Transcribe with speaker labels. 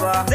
Speaker 1: lover.